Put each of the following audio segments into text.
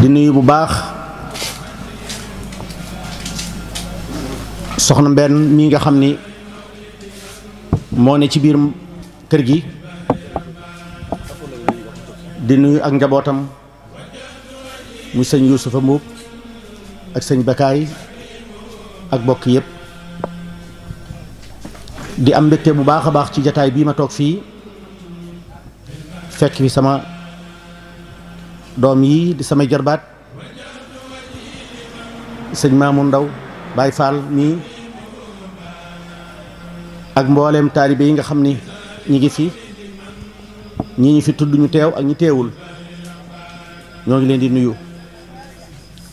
di nuyu bu baax soxna ben mi nga xamni mo ne ci bir keur gi di nuyu ak njabotam mu seigne yusufa ak seigne bakay ak bokk yeb di am bekte bu baax baax ci jotaay bi ma tok fi fekk fi sama doom yii di sama jarbaat sëñ Maamu Ndaw Baay Faal mii ak mbooleem taalibe yi nga xam ni ñi ngi fi ñi ñu fi tudd ñu teew ak ñu teewul ñoo ngi leen di nuyu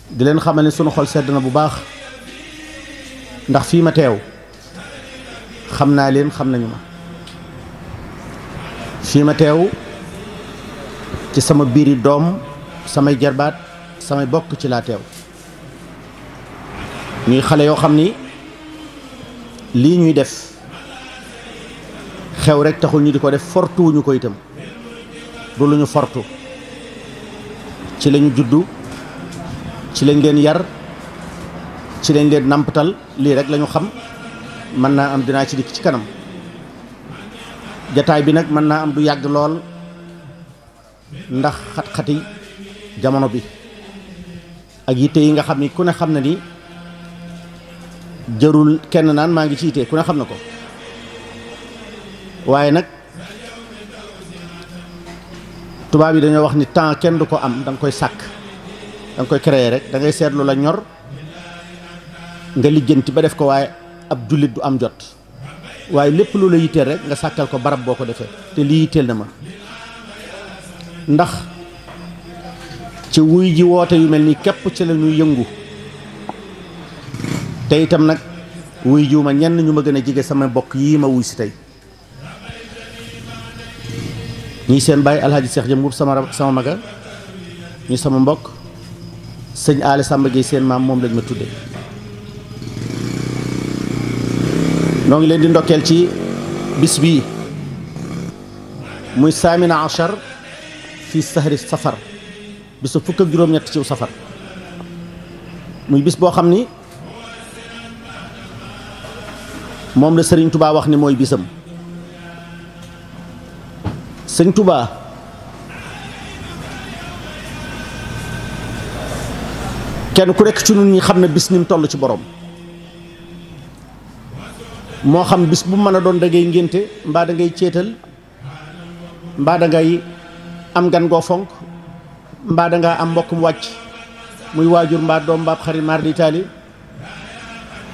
di leen xamal ne sunu xol sedd na bu baax ndax fii ma teew xam naa leen xam nañu ma fii ma teew ci sama biiri doom samay jarbaat samay bokk ci laa teew ñuy xale yoo xam ni lii ñuy def xew rek taxul ñu di ko def fortu wuñu ko itam du lu ñu fortu ci lañu juddu ci lañ leen yar ci lañ leen nampatal lii rek lañu xam mën naa am dinaa ci dikk ci kanam jataay bi nag mën naa am du yàgg lool ndax xat-xati jamono bi ak yitte yi nga xam ni ku ne xam na ni jërul kenn naan maa ngi ci yitte ku ne xam na ko waaye nag tubaab yi dañoo wax ni temps kenn du ko am da koy sàkk da nga koy créer rek dangay seetlu la ñor nga lijjanti ba def ko waaye ab jullit du am jot waaye lépp lu la yitteel rek nga sàkkal ko barab boo ko defee te lii yitteel na ma ndax ci wuy ji woote yu mel ni képp ci la ñuy yëngu te itam nag wuy jiwu ma ñenn ñu ma gën a jige sama mbokk yii ma wuy si tey ñii seen bàyyi alxaaji seex jëm ngub sama sama maga ñu sama mbokk sëñ aale Samba Gueye seen maam moom lañ ma tudde noo ngi leen di ndokkeel ci bis bii muy saamina achar fi sahri safar bisu fukk ak juróom-ñett ciw safar muy bis boo xam ni moom la sëriñ tubaa wax ni mooy bisam sëñ tubaa kenn ku rekk ci nun ñi xam ne bis ni mu toll ci boroom moo xam bis bu mën a doon da ngénte mbaa da ngay céetal mbaa da ngay am gan goo fonk mbaa dangaa am mbokkum wàcc muy waajur mbaa doom mbaab xarit maar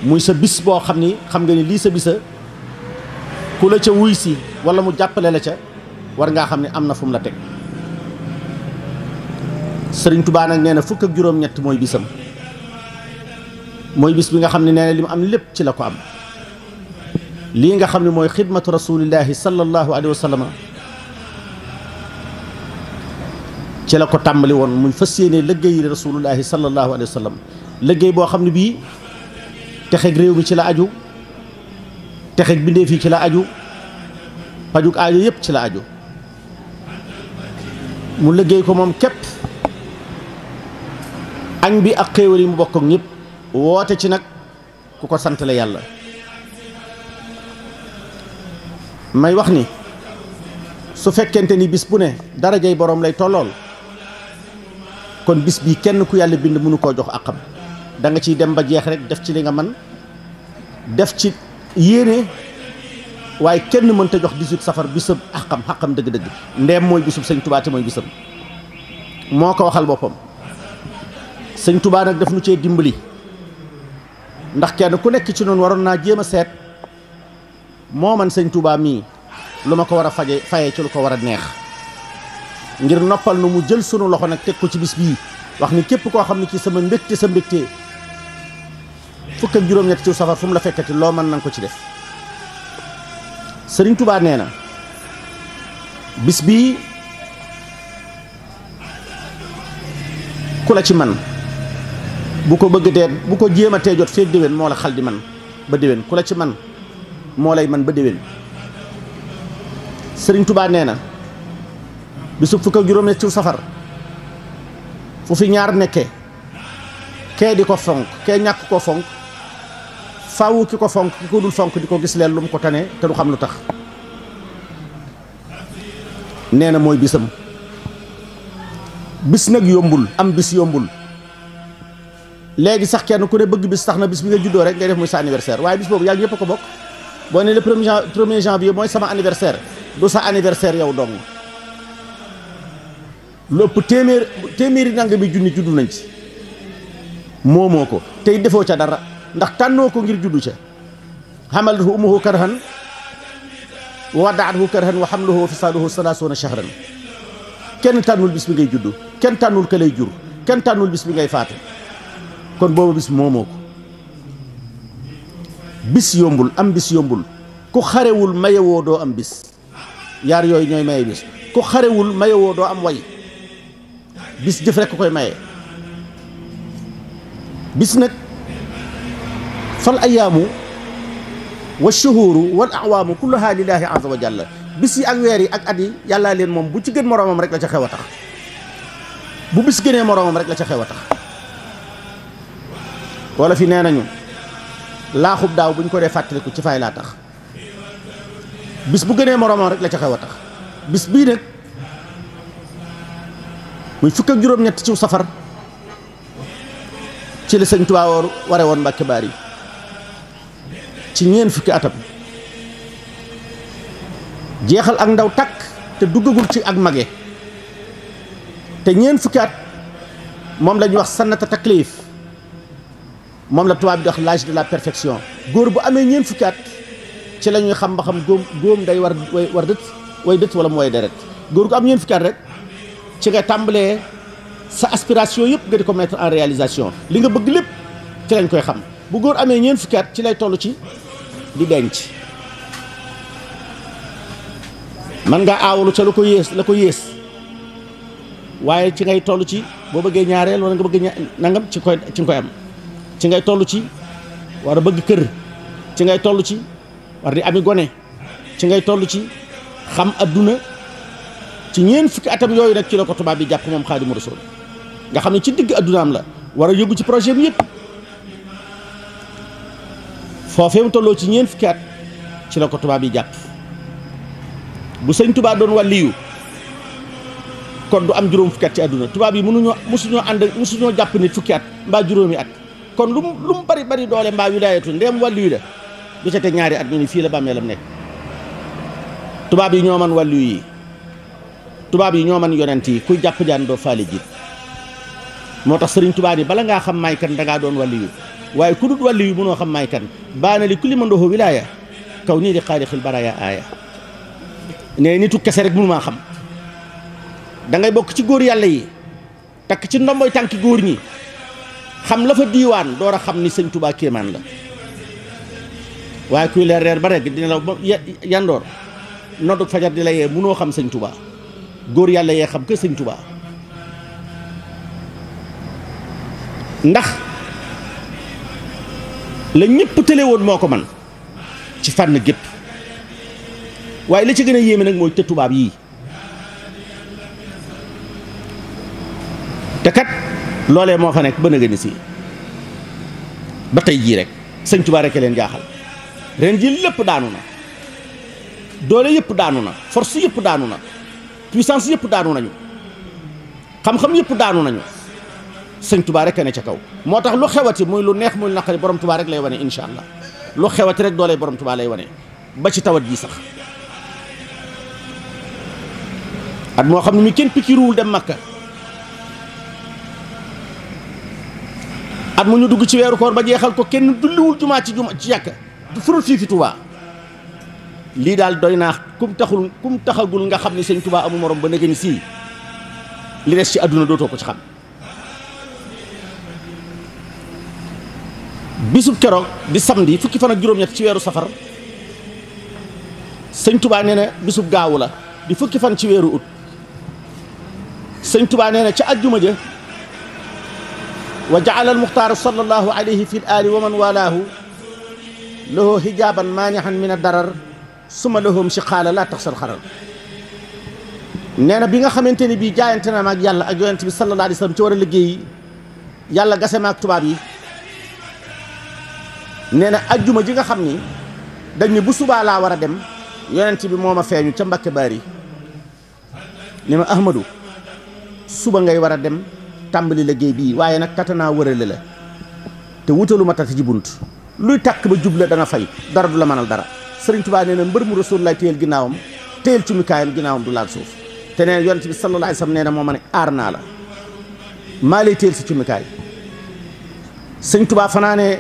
muy sa bis boo xam ni xam nga ni lii sa bisa ku la ca wuy si wala mu jàppale la ca war ngaa xam ne am na fum la teg sëriñ Tuubaa nag nee na fukk ak juróom-ñett mooy bisam mooy bis bi nga xam ne nee li mu am lépp ci la ko am lii nga xam ne mooy xidmatu rasulillahi sallallahu alayhi wa sallam ci la ko tàmbali woon muy fas yéene liggéey rasulullahi sallallahu alayhi wa sallam liggéey boo xam ne bii texeg réew mi ci la aju texeg bindéef yi ci la aju pajuk aajo yëpp ci la aju mu liggéey ko moom képp añ bi ak xéewal yi mu bokk ak woote ci nag ku ko santale yàlla may wax ni su fekkente ni bis bu ne darajay boroom lay tollool kon bis bii kenn ku yàlla bind mënu koo jox àqam da nga ciy dem ba jeex rek def ci li nga man def ci yéene waaye kenn mënta jox 18 safar bisam àqam àqam dëgg-dëgg ndeem mooy bisub sëñ Tuubaa te mooy bisam moo ko waxal boppam sëñ tubaa nag daf nu cee dimbali ndax kenn ku nekk ci noonu waroon naa jéem a seet moo man sëñ Tuubaa mii lu ma ko war a faje faye ci lu ko war a neex ngir noppal nu mu jël sunu loxo nag teg ko ci bis bii wax ni képp koo xam ne ci sama mbégte sa mbégte fukk ak juróom-ñett ci safar fu la fekkati loo mën na ko ci def sëriñ Touba nee na bis bii ku la ci man bu ko bëgg dee bu ko jéem a tee jot feeg déwén moo la xal di man ba déwén ku la ci man moo lay man ba déwén sëriñ tubaa nee na bisu fukk ak juróom ci safar fu fi ñaar nekkee kee di ko fonk kee ñàkk ko fonk faaw ki ko fonk ki ko dul fonk di ko gis leen lu mu ko tane te du xam lu tax nee na mooy bisam bis nag yombul am bis yombul léegi sax kenn ku ne bëgg bis tax na bis bi nga juddoo rek ngay def muy sa anniversaire waaye bis boobu yaa ngi ñëpp ko bokk boo ne le premier premier janvier mooy sama anniversaire du sa anniversaire yow dong lépp téeméer téeméeri nanga mi junni juddu nañ ci moomoo ko tey defoo ca dara ndax tànnoo ko ngir juddu ca xamalathu ummuhu karhan wa wadaathu karhan wa xamluhu wa fisaaluhu salaasuuna shahran kenn tànnul bis bi ngay juddu kenn tànnul ka lay jur kenn tànnul bis bi ngay faatu kon boobu bis moomoo ko bis yombul am bis yombul ku xarewul mayewoo doo am bis yaar yooyu ñooy maye bis ku xarewul mayewoo doo am way bis jëf rekk koy maye bis nag fal ayaamu wa shuhuru wa awaamu kulluha lillaahi azza wa jalla bis yi ak weer yi ak at yi yàllaa leen moom bu ci gën moroomam rek la ca xew a tax bu bis gënee moroomam rek la ca xew a tax wala fi nee nañu laaxub daaw buñ ko dee fàttaliku ci fay laa bis bu gënee moroomam rek la ca xew a tax bis bii nag muy fukk ak juróom-ñett ci safar ci la sëñ Tuubaa ware woon baar yi ci ñeen fukki atam jeexal ak ndaw takk te duggagul ci ak mage te ñeen fukki at moom la ñuy wax sannata taklif moom la tubaab bi wax l'âge de la perfection góor bu amee ñeen fukki at ci la xam ba xam góom góom day war way war dëtt way dëtt wala mu way deret góor gu am ñeen fukki at rek ci nga tàmbalee sa aspiration yëpp nga di ko mettre en réalisation li nga bëgg lépp ci lañ koy xam bu góor amee ñeent fukki ci lay tollu ci di ci man nga aawalu ca la ko yées la ko yées waaye ci ngay toll ci boo bëggee ñaareel wala nga bëgg nangam ci koy ci nga koy am ci ngay tollu ci war a bëgg kër ci ngay tollu ci war di ami gone ci ngay tollu ci xam adduna ci ñeen fukki atam yooyu nag ci la ko tubaab bi jàpp moom xaadimu rasul nga xam ne ci digg addunaam la war a yóbbu ci projet bi yëpp foofee mu tolloo ci ñeen fukki at ci la ko tubaab yi jàpp bu sëñ tubaa doon wàlliyu kon du am juróom fukki at ci àdduna tubaab yi mënuñoo mosuñoo ànd mosuñoo jàpp nit fukki at mbaa juróomi at kon lu mu bari bari doole mbaa wilaayatu ndeem wàlliyu la du ca ñaari at ñu ni fii la bàmmeelam nekk tubaab yi ñoo man tubaab yi ñoo man yonent yi kuy jàpp jaan doo faale moo tax sëriñ tubaab yi bala ngaa xam maay kan dangaa doon wàlli yu waaye ku dut wàlli yu mënoo xam maay kan baana li kulli mandoxo wilaaya kaw nii di xaarixil baraya aaya ne nitu kese rek mënu xam dangay bokk ci góor yàlla yi takk ci ndomboy tànki góor ñi xam la fa diiwaan door a xam ni sëñ tubaa kéemaan la waaye kuy leer reer ba rek dina la yandoor noddug fajar di la yee mënoo xam sëñ tubaa góor yàlla yee xam que sëñ Touba ndax la ñëpp tële woon moo ko man ci fànn gépp waaye li ci gën a yéeme nag mooy te tubaab yii te kat loolee moo fa nekk ba nëgëni si ba tey jii rek sëñ Touba rek leen jaaxal ren jii lépp daanu na doole yëpp daanu na force yëpp daanu na puissance yëpp daanu nañu xam-xam yëpp daanu nañu seigne touba rek a ne ca kaw motax lu xewati moy lu neex moy lu naqari borom touba rek lay wone inshallah lu xewati rek dooley borom touba lay wone ba ci tawat jii sax at mo xam ni ken kenn pikiruwul dem makka at mu ñu dugg ci wéru koor ba jéxal ko kenn dulliwul juma ci juma ci yak du furul fi fi touba lii daal doy naa kum taxul kum taxagul nga xam ne sëñ Tuubaa amu morom ba nag ni sii li des ci àdduna dootoo ko ci xam bisub keroog di samedi fukki fan ak juróom-ñett ci weeru safar sëñ Tuubaa nee na bisub gaawu la di fukki fan ci weeru ut sëñ Tuubaa nee ci ca àjjuma ja wa jaala al muxtaar sallallahu alayhi fi al aali wa man walaahu lahu hijaaban maanihan min ad suma lahum si xaala la tax sal neena bi nga xamanteni bi jaayantena mak yàlla ak yonent bi sallallahu alayhi wasallam ci wara liggey yàlla gase maag tubaab yi neena aljuma ji nga xamni dañ ni bu suba la wara dem yonent bi moma feñu ci ca bari nima ahmadu suba ngay wara dem tàmbali liggey bi waye nak katana wërale la te wutalu ma ci buntu luy tak ba jub la dana fay dara du la manal dara sëriñ tubaa nee mbër mu Rasulullah téyel ginnaawam téyel ci ginnaawam du laal suuf te nee na yonent bi sallallahu alayhi wa sallam nee ne aar naa la si ci mikaay sëñ Tuubaa fanaane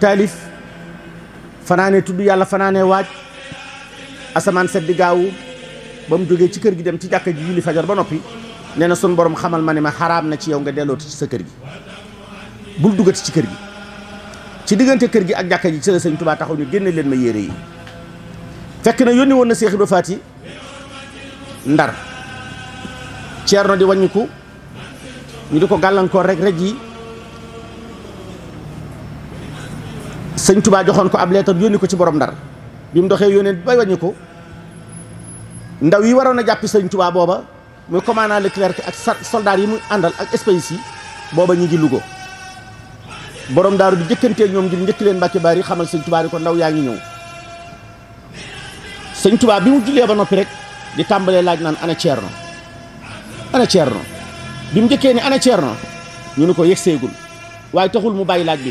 taalif fanaane tudd yàlla fanaane waaj asamaan set di gaawu ba mu jógee ci kër gi dem ci jàkka ji julli fajar ba noppi nee na sun borom xamal ma ne ma xaraam na ci yow nga dellooti ci sa kër gi bul ci kër gi diggante kër gi ak jàkka ji ci la sëñ Tuubaa taxaw ñu génne leen ma yére yi fekk na yónni woon na Seex Ibra Faati ndar ceerno di wàññiku ñu di ko gàllankoor rek rek yi sëñ Tuubaa joxoon ko ab leetar yónni ko ci borom ndar bi mu doxee yónnee bay wàññiku ndaw yi waroon a jàppi sëñ Tuubaa booba muy commandant ki ak soldat yi mu àndal ak espèces yi booba ñu ngi Lugo borom daaru di jëkkantee ñoom ju ngir njëkk leen Mbàkke Baari xamal sëñ Tuubaa ni ko ndaw yaa ngi ñëw sëñ touba bi mu jullee ba nopi rek di tambale laaj nan ana Ceerno ana Ceerno bi mu njëkkee ne ana Ceerno ñu ne ko yëgseegul waaye taxul mu bàyyi laaj bi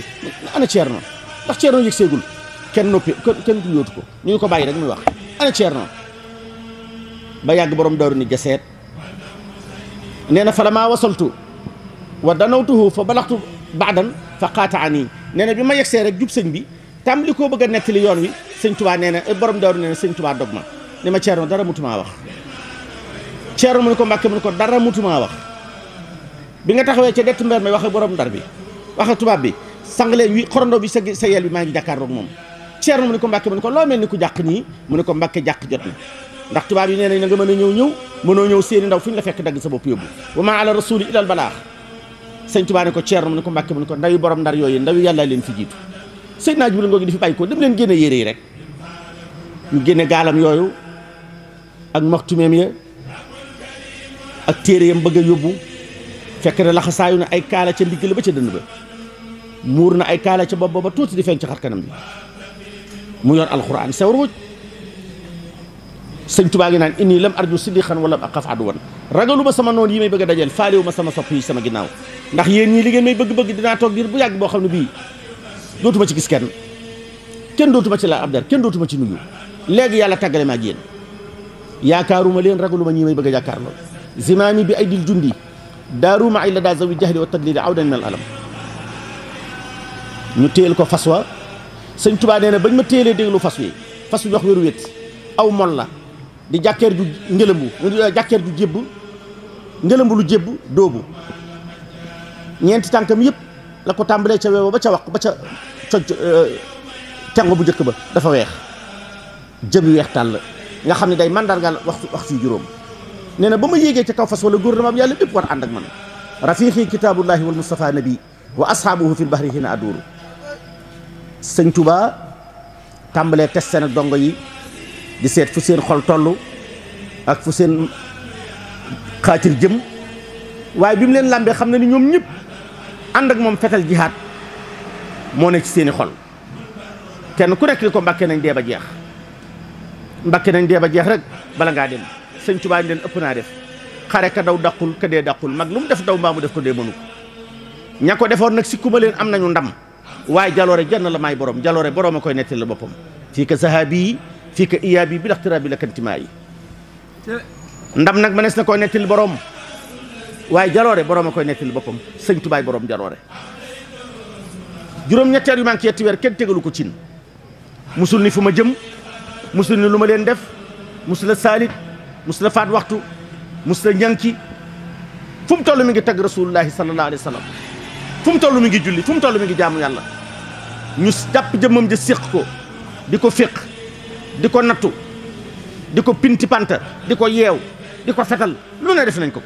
ana Ceerno ndax Ceerno yexsegul ken nopi ken du yotuko ñu ngi ko bàyyi rek muy wax ana Ceerno ba yag borom daaru ni geseet nee na fa wasaltu wa danawtuhu fa balaghtu ba'dan fa qata'ani nee bima yexse rek jup sëñ bi tam li koo bëgg a nettali yoon wi sëñ tubaa nee na eh, borom daaru nee na sëñ tubaa dog ma ni ma ceerno dara mutumaa wax ceerno mu ne ko mbàkke mu ne ko dara mutumaa wax bi nga taxawee ca dett mbeer may wax borom ndar bi wax ak tubaab bi sangalee wi xorondoo bi sa sa yel bi maa ngi moom ceerno mu ne ko mbàkke mu ne ko loo mel ni ko jàq nii mu ne ko mbàkke jàq jot na ndax tubaab yi nee nañ na nga mën a ñëw ñëw mënoo ñëw seeni ndaw fu ñu la fekk dagg sa bopp yóbbu wa maa ala rasuli ilal balaax sëñ tubaa ne ko ceerno mu ne ko mbàkke mu ne ko ndawi borom ndar yooyu ndawi yàlla leen fi jiitu Seydina Jibril ngoo gi di fi bàyyi ko dem leen génne yére yi rek ñu génne gaalam yooyu ak maxtumeem ya ak téere yam bëgg a yóbbu fekk na laxasaayu na ay kaala ca ndigg la ba ca dënd ba muur na ay kaala ca bopp ba tuuti di feeñ ci xar bi mu yor alxuraan sew ruuj sëñ tubaa ngi naan inni lam arju siddiqan wala axaf aduwan ragalu ma sama noon yi may bëgg a dajeel ma sama sopp yi sama ginnaaw ndax yéen yii li ngeen may bëgg-bëgg dinaa toog diir bu yàgg boo xam ne bii dootuma ci gis kenn kenn dootuma ci la ab kenn dootuma ci nuyu léegi yàlla tàggale ma ak yaakaaruma leen ragaluma ñi may bëgg a jàkkaar lool bi ay dil jundi daaruma ay la daa zawi jahli li tadlili awdan min ko fas sëñ tubaa nee bañ ma téyelee déglu fas wi fas wi wax wéru wét aw mol la di jàkkeer ju ngëlëmbu eh, jàkkeer ju jébb ngëlëmbu lu jébb doobu ñeenti tànkam yëpp la ko tàmbalee ca weewa ba ca wax ba ca soj cango bu njëkk ba dafa weex jëbi weex tàll nga xam ne day mandargaal wax waxtu yu juróom nee na ba ma yéegee ca kaw fas wala gouvernement bi yàlla bépp war ànd ak man rafiqi kitaabullahi wal mustafa nabi wa ashaabuhu fil bahri hina aduuru sëñ Tuba tàmbalee testé nag dongo yi di seet fu seen xol toll ak fu seen xaatir jëm waaye bi mu leen làmbee xam na ni ñoom ñëpp ànd ak moom fetal jihaat moo ne ci seeni xol kenn ku nekk ni ko mbàkke nañ dee ba jeex mbàkke nañ dee ba jeex rek bala ngaa dem sëñ Tuubaa ñu leen ëpp naa def xare ka daw daqul ka dee daqul mag lu mu def daw mbaa mu def ko dee mënu ko ña ko defoon nag sikkuma leen am nañu ndam waaye jaloore jann la maay borom jaloore borom a koy nettali la boppam fii ka sahaabi yi fii ka iyaabi bi laxtiraa bi la kantimaa yi ndam nag mënees na koy nettali borom waaye jaloore borom a koy nettali boppam sëñ Tuubaa boroom jaloore juróom-ñetteer yu manqué yetti weer kenn tegalu ko cin musul ni fu ma jëm musul ni lu ma leen def musul la saalit musul la faat waxtu musul la ñànki fu mu toll mi ngi tagg rasulullahi sallallahu alayhi wa sallam fu mu toll mi ngi julli fu mu toll mi ngi jaamu yàlla ñu jàpp jëmmam ji séq ko di ko féq di ko nattu di ko pinti panta di ko yeew di ko fetal lu ne def nañ ko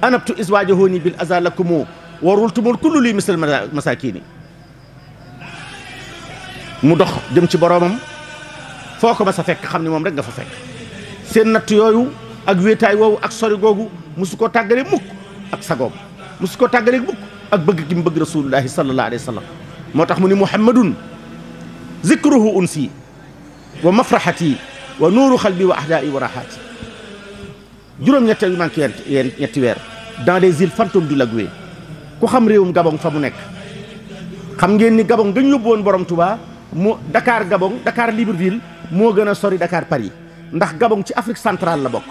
anabtu iswaajahooni bil azalakumo warultumul kullu li misal masakini mu dox dem ci boromam foo ko ba sa fekk xam ne moom rek nga fa fekk seen natt yooyu ak wéetaay woowu ak sori googu musu ko tàggale mukk ak sagoom musu ko tàggale mukk ak bëgg gi mu bëgg rasulullahi sallallahu alayhi wa sallam moo tax mu ni muhammadun zikruhu unsi wa mafraxati wa nuuru xalbi wa ahdaai wa raxaati juróom-ñetti yu manqué yeen ñetti weer dans les îles fantômes du Lagué ku xam réewum Gabon fa mu nekk xam ngeen ni Gabon gañ yóbbu woon borom Touba mu Dakar Gabon Dakar Libreville moo gën a sori Dakar Paris ndax Gabon ci Afrique centrale la bokk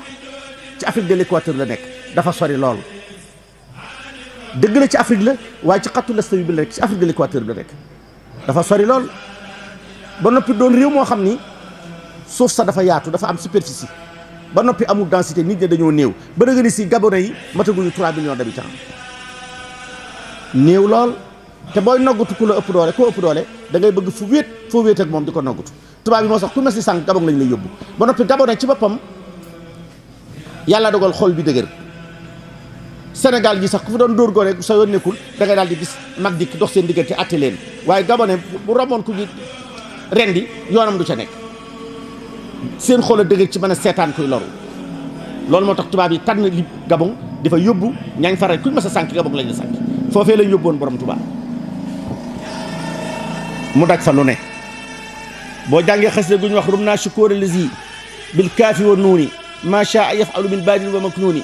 ci Afrique de l'équateur la nekk dafa sori lool dëgg la ci Afrique la waaye ci xattu lasta bi la nekk ci Afrique de l'équateur la dafa sori lool ba noppi doon réew moo xam ni soof sa dafa yaatu dafa am superficie ba noppi amul densité nit ñi dañoo néew ba nga si Gabonais yi mataguñu 3 millions d'habitants néew lool. te booy noggutu ku la ëpp doole koo ëpp doole dangay bëgg fu wéet foo wéet moom di ko noggutu tubaab yi moo sax ku mes ni sànq gabon lañ lay yóbbu ba noppi gabon ci boppam dogal xol bi dëgër Sénégal gi sax ku fi doon dóor gone sa yoon nekkul da ngay daal di gis mag dikk dox seen diggante atte leen waaye gabone bu romboon ku ñu rendi yoonam du ca nekk seen xol a dëgër ci mën a seetaan loolu moo tax tubaab yi tànn li gabon di fa yóbbu ñaañ faral kuñ ma sa sànq gabon lañ la sànq foofee lañ yóbbu borom tubaab mu daj fa lu ne bo jange xesse guñ wax rumna shukura lizi bil kafi wa nuni ma shaa yafalu min badil wa maknuni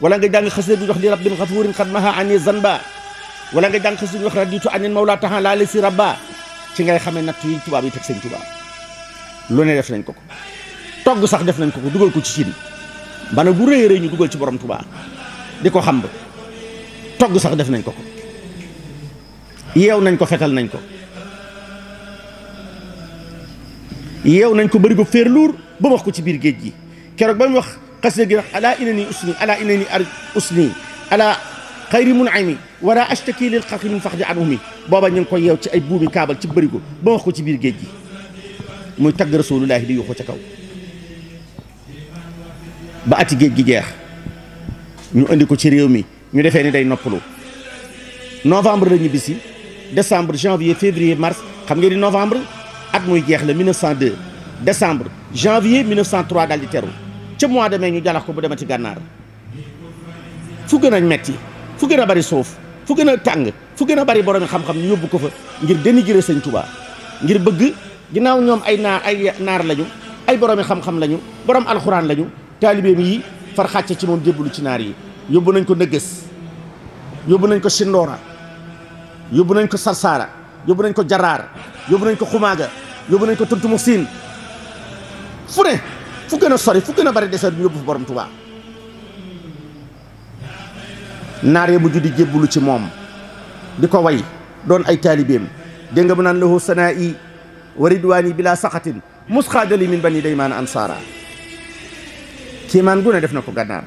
wala nga jange xesse guñ wax li rabbin xafuurin xad maha ani zanba wala nga jange xesse guñ wax raditu anin mawla ta la li rabba ci ngay xamé nat yi tuba bi tek seen tuba lu ne def nañ ko ko togg sax def nañ ko ko dugal ko ci cin bana bu reey reey ñu dugal ci borom tuba diko xam ba togg sax def nañ ko ko yew nañ ko fetal nañ ko yeew nañ ko bërigo ferluur ba mu wax ko ci biir géej gi keroog wax xasida ala inani usni ala inani ar usni ala xayri munami wala ashtaki lil xaqi min faxdi an umi booba ñu ngi ko yeew ci ay buumi kaabal ci bërigo ba mu wax ko ci biir géej muy tagg rasulullahi di yuuxu ca kaw ba ati géej jeex ñu indi ko ci réew mi ñu defee ni day noppalu novembre la bisi décembre janvier février mars xam ngeen ni novembre at muy jeex le 1902 décembre janvier 1903 daal di teru ca de ñu jalax ko bu demati fu metti fu bari fu a fu bari borom xam-xam ñu yobbu ko fa ngir dénigrer seigne Touba ngir bëgg ginaaw ñom ay naar ay naar lañu ay borom xam-xam lañu borom alcorane lañu talibé far ci mom ci naar yi yobbu nañ ko yobbu nañ ko yobbu nañ ko yobbu nañ ko jarar yobbu nañ ko khumaga yóbbu nañ ko tuntu siin fu ne fu gën a sori fu gën a bari deseer ñu yóbbu fa borom Tuubaa naar mujj di jébbulu ci moom di ko way doon ay taalibeem dégg nga mu naan lahu sanaa'i wa ridwaani bila saxatin musxaadali min bani daymaan ansaara kiimaan gu ne def na ko gànnaar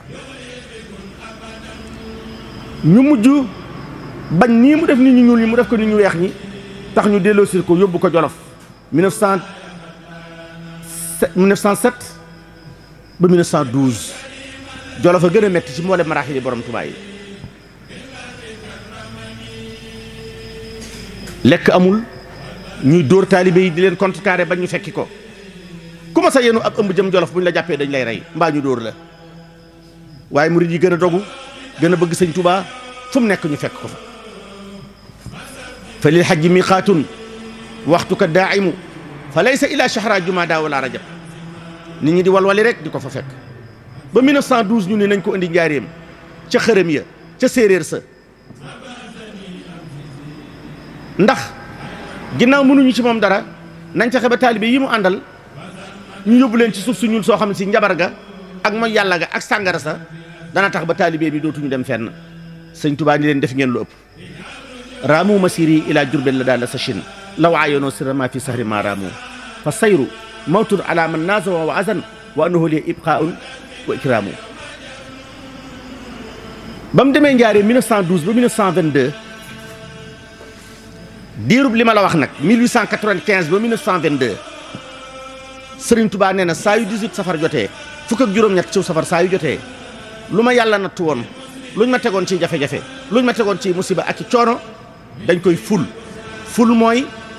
ñu mujj bañ nii mu def nit ñu ñuul ñi mu def ko nit ñu weex ñi tax ñu delloosi ko yóbbu ko jolof 1907 ba 1912 Jolof a métti ci mboolem maraaxili borom Tuubaa yi lekk amul ñuy dóor taalibe yi di leen contrecarrer ba ñu fekki ko ku sa yenu ab ëmb jëm Jolof bu la jàppee dañ lay rey mbaa ñu dóor la waaye murid yi gën dogu gën bëgg sëñ Tuubaa fu mu ñu fekk ko fa fa lil hajji miqaatun waxtu ka daa'imu fa laysa ila shahra jumada wala rajab nit ñi di walwali rek di ko fa fekk ba 1912 ñu ne nañ ko indi njaareem ca xërëm ya ca séeréer sa ndax ginnaaw mënuñu ci moom dara nañ fexe ba taalibe yi mu àndal ñu yóbbu leen ci suuf su ñuul soo xam ne si njabar ga ak mooy yàlla ga ak sàngara sa dana tax ba taalibe bi dootuñu dem fenn sëñ Tuubaa ni leen def ngeen lu ëpp raamu masiri ila jurbel la daal la sa Chine لو عينوا سر ما في سهر ما راموا فالسير موت على من ناز ووعزن وأنه لي إبقاء وإكرام بم دمين جاري 1912 ب 1922 ديرو لما لا واخ 1895 ب 1922 سيرن توبا نينا سايو 18 سفر جوتي فوك جوروم نيات سيو سفر سايو جوتي لوما يالا نات وون لوما تيغون سي جافي جافي لوما تيغون سي مصيبه اكي تيورو دنج كوي فول فول موي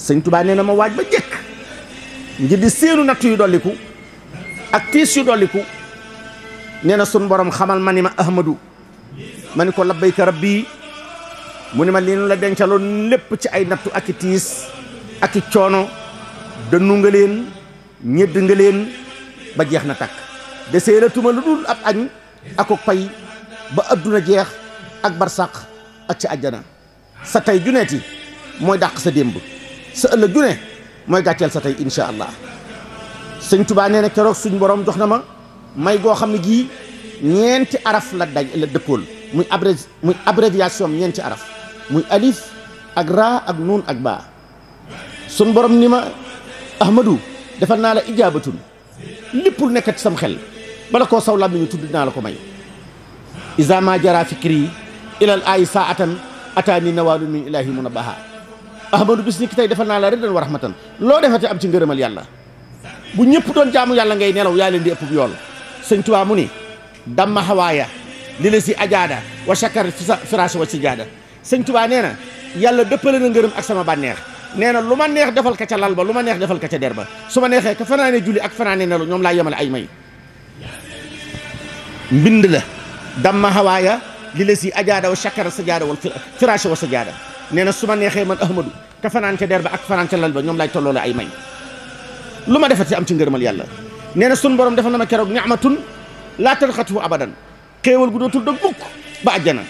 sëñ tubaa nee na ma waaj ba jëkk ngir di seenu nattu yu dolliku ak tiis yu dolliku nee na sun boroom xamal ma ni ma ahmadu ma ni ko labbayka rabbi mu ni ma li nu la dencaloon lépp ci ay nattu ak i tiis ak i coono dënnu nga leen ñedd nga leen ba jeex na takk desee la tuma lu dul ab añ akok pay ba adduna jeex ak barsàq ak ci àjjana sa tey juneeti mooy dàq sa démb sa ëllëg ju mooy gàcceel sa tey incha allah sëñ tubaa nee na keroog suñ borom jox na ma may goo xam ne gii ñeenti araf la daj la dëppool muy abré muy abréviation ñeenti araf muy alif ak raa ak nuun ak baa suñ borom ni ma ahmadou defal naa la ijaabatun lépp lu nekk sam xel bala koo saw làmmiñu tudd naa la ko may isa ma jara fikri ilal ayi saatan ataani nawaalu min ilaahi mun a baha ahmadou bis ni ki tey defal naa la reddan wa rahmatan loo defate am ci ngërëmal yàlla bu ñëpp doon jaamu yàlla ngay nelaw yaa leen di ëpp yool sëñ Tuubaa mu ni damma hawaaya li la si ajaada wa shakar firaasa wa sijaada sëñ Tuubaa nee na yàlla dëppale na ngërëm ak sama bànneex nee na lu ma neex defal ka ca lal lu ma neex defal ka ca der ba su ma neexee ka fanaane julli ak fanaane nelaw ñoom laa yemale ay may mbind la damma hawaaya li la si ajaada wa shakar sajaada wal firaasa wa sajaada nee na su ma neexee man ahmadu te fanaan ca der ba ak fanaan ca lal ba ñoom laay tolloole ay may lu ma ci am ci ngërëmal yàlla nee na sun borom defal na ma keroog ñaamatun laa tarxatu abadan xéewal gu dootul dog mukk ba àjjana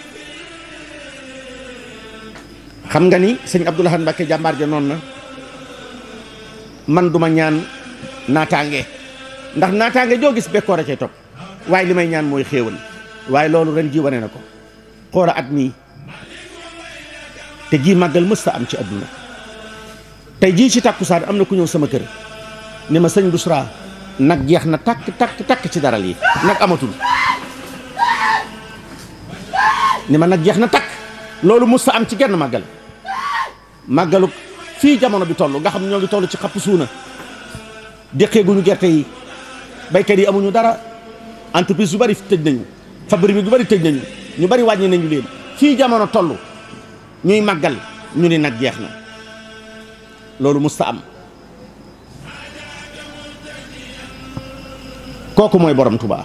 xam nga ni sëñ Abdou Lahad Mbacké jàmbaar ja noonu na man duma ñaan naataange ndax naataange joo gis bekkoor a cay topp waaye li may ñaan mooy xéewal waaye loolu ren ji wane na ko xoola at nii te gii màggal mës sa am ci adduna te jii ci tàkkusaan am na ku ñëw sama kër ni ma sëñ Bousra nag jeex na takk takk takk ci daral yi nag amatul ni ma nag jeex na takk loolu mës ta am ci genn màggal màggalu fii jamono bi toll nga xam ñoo ngi toll ci xapp suuna déqee guñu gerte yi baykat yi amuñu dara entreprise yu bari tëj nañu fabrique yu bari tëj nañu ñu bari wàññi nañu leen fii jamono toll ñuy màggal ñu ni nag jeex na loolu musta am kooku mooy borom tubaa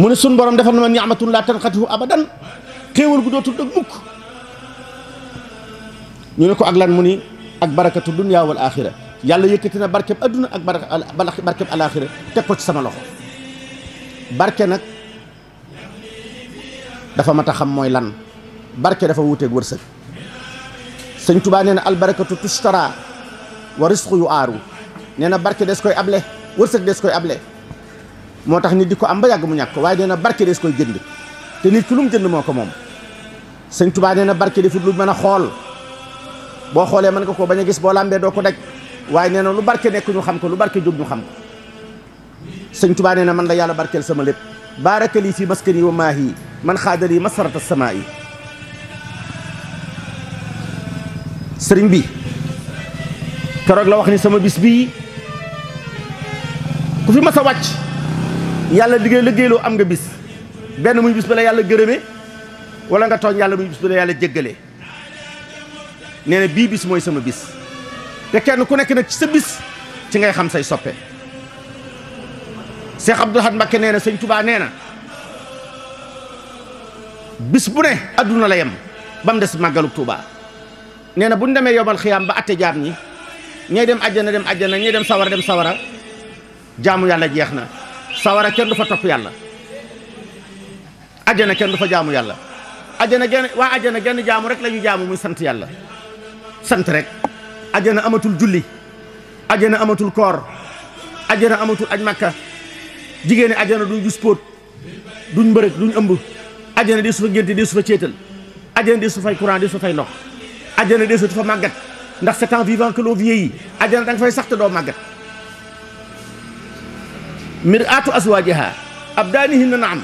mu ne sun borom defal na ma ni'matun laa tanqatihu abadan xéewal gu dootul dëgg mukk ñu ne ko ak lan mu ni ak barakatu dunya wal axira yàlla yëkkati na barkeb adduna ak barke barkeb alaxira teg ko ci sama loxo barke nag dafa mat a xam mooy lan barke dafa wuuteeg wërsëg sëñ touba néna al barakatu tustara wa risqu yu'aru néna barke des koy able wërsëg des koy able motax tax nit di am ba yag mu ñak ko waaye barke des koy jënd te nit ki lu mu jënd moko mom moom sëñ tubaa nee barke defut lu mëna xol bo xolé man nga ko baña gis bo lambé do ko daj waaye néna lu barke nekk ñu xam ko lu barke jóg ñu xam ko sëñ tubaa nee man la yàlla barkel sama lépp barakali fi maskani wa mahi man xaadali masarata samaa yi sëriñ bi keroog la wax ni sama bis bii ku fi ma a wàcc yàlla liggéey liggéeyloo am nga bis benn muy bis ba la yàlla gërëme wala nga tooñ yàlla muy bis ba la yàlla jéggalee nee na bii bis mooy sama bis te kenn ku nekk nag ci sa bis ci ngay xam say soppe Cheikh Abdou Lahad Mbacké nee na sëñ Touba nee na bis bu ne àdduna la yem ba mu des màggalu tuubaa nee bu ñu demee yomal xiyaam ba atte jaam ñi ñay dem ajjana dem ajjana ñay dem sawara dem sawara jaamu yàlla jeex na sawara kenn du fa topp yàlla ajjana kenn du fa jaamu yàlla ajjana genn waa ajjana genn jaamu rek lañuy ñu jaamu muy sant yàlla sant rek ajjana amatul julli ajjana amatul koor ajjana amatul aj makka jigéeni ajjana duñ gis póot duñ mbërëg duñ ëmb ajjana di su fa génte di su fa céetal ajjana di su fay courant di su fay ndox ajjana deesatu fa magat ndax c'est en vivant que l'on vieillit ajjana dang fay sax te doo màggat mir'atu aswajiha abdanihin naam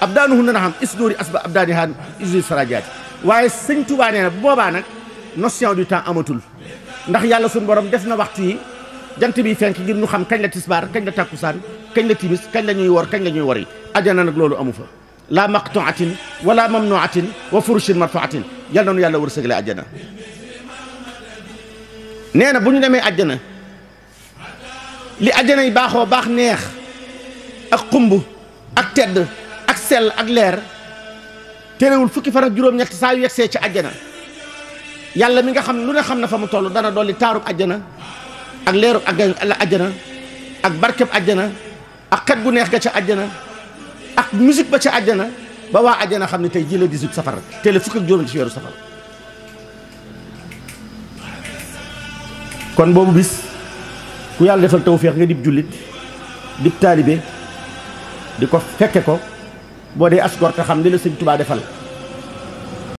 abdanuhun naam isduri asba abdanihan isdóori sarajat waye seigne touba nee boba nak notion du temps amatul ndax yàlla sun borom def na waxti jant bi fenk ngir ñu xam kañ la tisbar kañ la takusan kañ la timis kañ la ñuy wor kañ la ñuy wori ajjana nak lolu amu fa la maqtuatin wala mamnuatin wa furushin marfuatin يالنا يالله ورسك لي أجنة نحن بنجنا من أجنة لي أجنة يباخو باخ نيخ أقومبو أكتر أكسل أغلير تري ولفك فرق جروم نكت سايو يكسيش أجنة يالله مينك خم لونا خم نفهم تولو دنا دولي تارو أجنة أغلير أجن الله أجنة أكبر كب أجنة أكتر بنيخ كش أجنة أك موسيقى كش أجنة ba waa àjjana xam ne tey jii la 18 safar te la fukk ak juróom ci weeru safar kon boobu bis ku yàlla defal tawféex nga dib jullit dib taalibe di ko fekke ko boo dee asgor te xam li la sëñ Tubaa defal